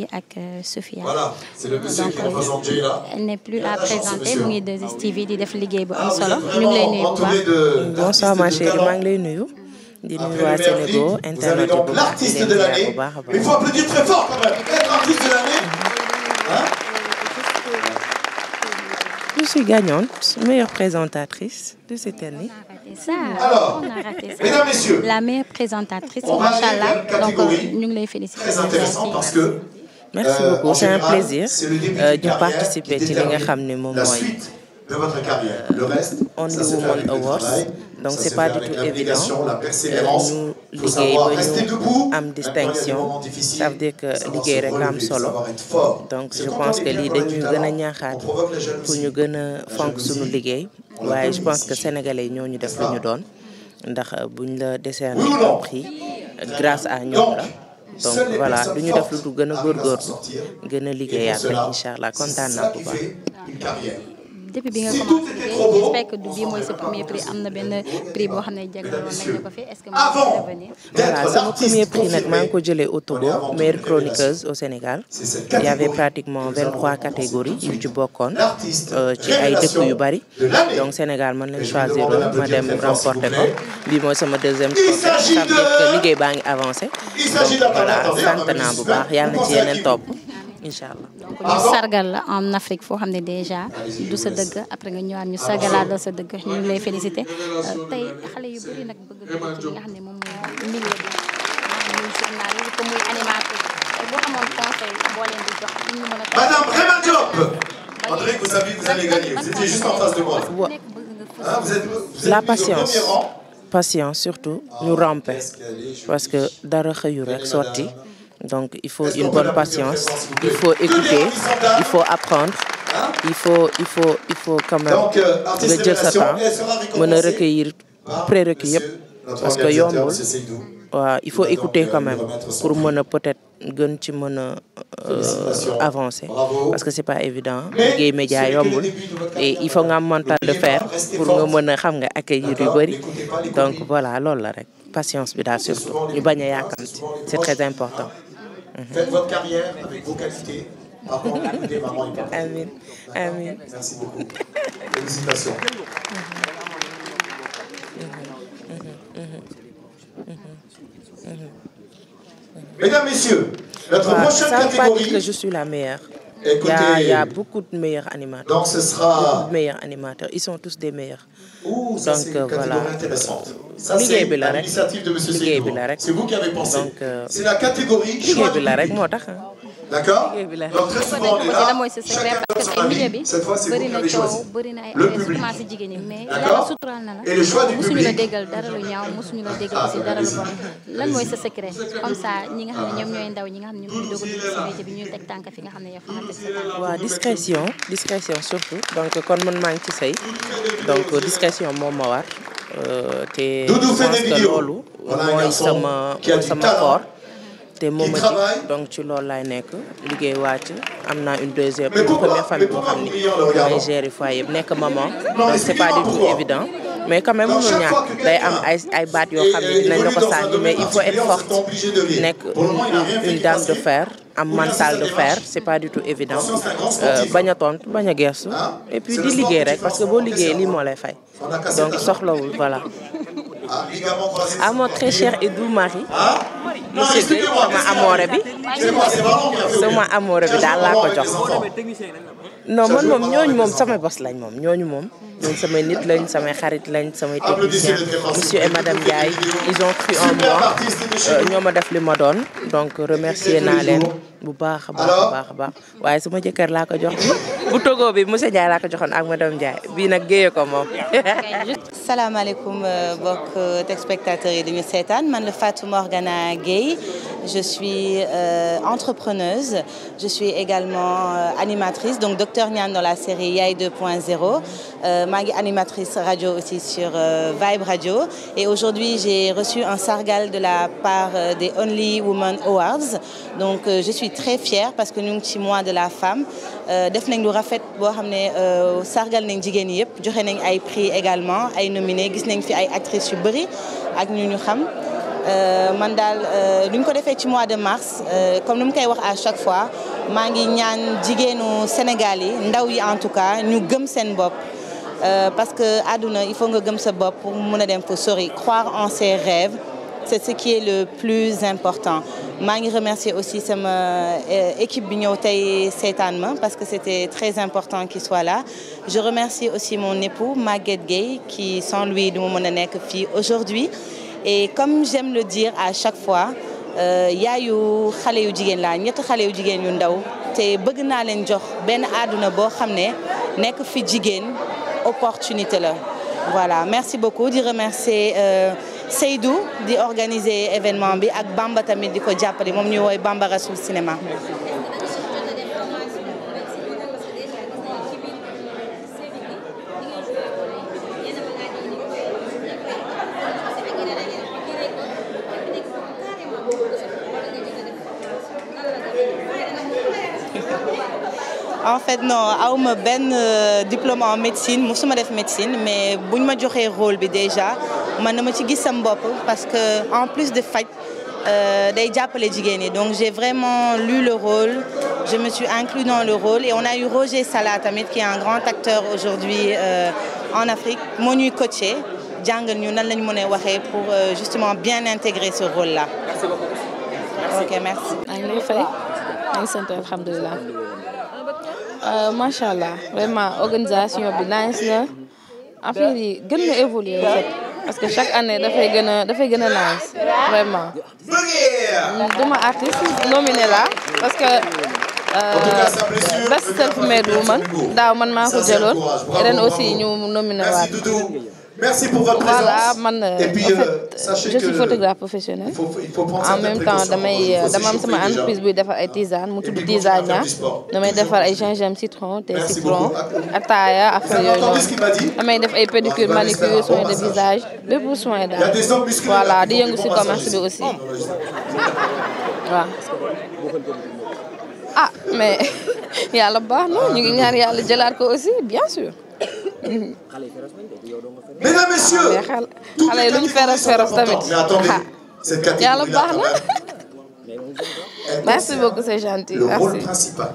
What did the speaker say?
Sophie ak euh, Sophia. voilà c'est le monsieur qui représente Dieyla. elle n'est plus à présenter mu ngi 2STV di def liggéey bu am ah, solo ñu ngi lay nuyu bu baax. bonsoir ma chérie maa ngi lay nuyu. di nuyu waa Sénégal internet bu baax di leen ziar bu baax a baax. il faut applaudir très fort quand même être artiste de l'année. hein. je suis gagnante meilleure présentatrice de cette année. Ça, alors mesdames messieurs la meilleure présentatrice machallah donc euh, ñu ngi lay féliciter très intéressant parce que merci euh, beaucoup c'est euh, participer ci li nga xam ne moom mooy Only euh, Woman Awards donc c'est pas du tout évident ñu liggéey ba ñu am distinction ça veut dire que liggéey rek am solo donc je pense que lii dañuy gën a ñaaxaat pour ñu gën a fonk suñu liggéey waaye je pense que sénégalais yi ñoo ñu def lu doon ndax buñ la décerner un grâce à ñoom la. donc voilà du ñu def lu gën a góorgóorlu gën a liggéeyaat rek incha allah kontaan naa bu baax. depuis bi nga commencé liggéey j'espère du bii mooy sa premier prix am na benn prix boo xam ne jagleeloon nañ la ko fi est-ce que mën premier prix nag maa ngi ko jëlee au Togo meilleure chroniqueuse au Sénégal il y avait pratiquement 23 catégories yu ci bokkoon euh, ci ay dëkk yu bari donc Sénégal man lañ choisir ma dem remporter ko bii mooy sama deuxième trophée ça veut liggéey baa ngi avancé naa bu baax yàlla na ci yeneen topp. incha allah donc ñu sargal la en foo xam ne déjà du sa dëgg après nga ñëwaat ñu sargalaat dëgg ñu ngi lay félicité euh, tey xale yu ne moom la patience. Patience surtout ñu ah, rampe parce que dara xëyu rek sotti. Donc, il faut une bonne patience, il faut écouter, il faut apprendre, il faut, il faut, il faut quand même nga euh, jël sa temps mën a recueillir prérequis yëpp parce que yombul waaw il faut écouter quand même pour mën a peut-être gën ci mën a euh, avancer parce que c'est pas évident liggéey média yombul il faut nga am mental de fer pour nga mën a xam nga accueillir yu bëri donc voilà loolu la rek patience bi daal surtout ñu bañ a c'est très important Mhm. Faites votre carrière avec vos qualités. Par contre, Mesdames, Messieurs, notre bah, prochaine catégorie. je suis la meilleure. Écoutez, y, a, beaucoup de meilleurs animateurs. Donc ce sera. tous des meilleurs. Ouh, ça c'est catégorie voilà. liggéey bi la rek liggéey bi la rek c'est vous qui avez pensé donc euh, c'est la catégorie bi la rek moo tax D'accord? Donc très souvent on est là, chacun donne son avis. Cette fois, c'est vous qui avez choisi. Le public. D'accord? Et le choix du public. Ah, lan mooy sa secret comme ça ñi nga xam ne ah. ñoom ñooy ndaw ñi nga xam ne ñoom ñooy dugg ci métier bi ñuy teg tànk fi nga xam ne yow fa nga teg sa tànk. waaw discrétion discrétion surtout donc kon man maa ngi ci sëy donc discrétion moom ma war. Euh, te pense que loolu mooy sama ci loolu laay nekk liggéey wàcc am na une deuxième une nekk maman donc c'est pas du tout évident mais quand même mënul am ay baat yoo xam ne dinañ la ko sànni mais il faut être nekk une dame de fer am mental de faire c'est pas du tout évident euh, bañ a tontu bañ a gestu et puis di liggéey rek parce que boo liggéey lii moo lay fay donc soxlawul voilà. à mon très cher et doux mari monsieur Guèye sama amoore bi sama amoore bi daal laa ko jox non man moom ñooñu moom sama bos lañ moom ñooñu moom. ñoom samay nit lañ samay xarit lañ samay technicien monsieur et madame Ndiaye ils ont cru en moi euh, ñoo ma def li ma doon donc remercier naa leen bu baax a baax a baax a waaye sama jëkkër laa ko jox bu togo bi monsieur Ndiaye laa ko joxoon ak madame Ndiaye bii nag géeye ko moom. salaamaaleykum mbokk téléspectateurs yi dañu seetaan man la Fatou Morgana Gueye je suis euh, entrepreneuse je suis également euh, animatrice donc docteur Niane dans la série Yaye 2.0. Euh, maa ngi animatrice radio aussi sur euh, Vibe Radio et aujourd'hui j'ai reçu un sargal de la part euh, des Only Women Awards donc je suis très fière parce que ñu ngi ci mois de la femme def nañ lu rafet boo xam ne sargal nañ jigéen ñi yëpp joxe nañ ay prix également ay nominés gis nañ fi ay actrices yu bëri ak ñu ñu xam man daal lu ñu ko defee ci mois de mars comme ni mu koy wax à chaque fois maa ngi ñaan jigéenu Sénégal yi ndaw yi en tout cas ñu gëm seen bopp Euh, parce que àdduna il faut nga gëm sa bopp pour mun a dem fu sori croire en ses rêves c'est ce qui est le plus important maa ngi remercier aussi sama euh, équipe bi ñëw tey seetaan parce que c'était très important qu'il soit là je remercie aussi mon époux Maguette Gueye qui sans lui du ma mën a nekk fii aujourd'hui et comme j'aime le dire à chaque fois euh, yaayu xale yu jigéen laa ñetti xale yu jigéen yu ndaw te bëgg naa leen jox benn àdduna boo xam ne nekk fi jigéen opportunité la voilà merci beaucoup di remercier euh, Seydou di organiser événement bi ak Bamba tamit di ko jàppale moom ñuy woy Bamba Rassoul Cinéma en fait non aw ma benn euh, diplôme en médecine musuma def médecine mais buñ ma joxee rôle bi déjà man na ma ci gis sam bopp parce que en plus de faj euh, day jàppale jigéen yi donc j'ai vraiment lu le rôle je me suis inclus dans le rôle et on a eu Roger Sala tamit qui est un grand acteur aujourd'hui euh, en Afrique moo ñuy coaché jàngal ñu nan la mën a waxee pour euh, justement bien intégrer ce rôle là. Euh, macha allah vraiment organisation bi nice la affaire yi gën na évoluer parce que chaque année dafay gën a dafay gën a nice vraiment. duma artiste nominé la parce que. Euh, best self made woman daaw man maa ko jëloon ren aussi ñu nominé waat. merci pour votre présence voilà man euh, en fait euh, je suis photographe professionnel. il faut il faut prendre en même temps damay euh, dama am sama entreprise buy defar ay tisane mu tudd tisania damay defar ay gingembre citron te citron ah, ataaya affaire yooyu noonu. damay def ay ah, pédicure manucure soin de visage bépp soin daal voilà di yëngu si commerce bi aussi waaw. ah mais yàlla baax na ñu ngi ñaan yàlla jëlaat ko aussi bien sûr. Mesdames, messieurs. Ah, xale yi lu ñu féroce féroce tamit. mais attendez, ah, cette catégorie yàlla baax na. merci beaucoup c'est gentil. le rôle principal.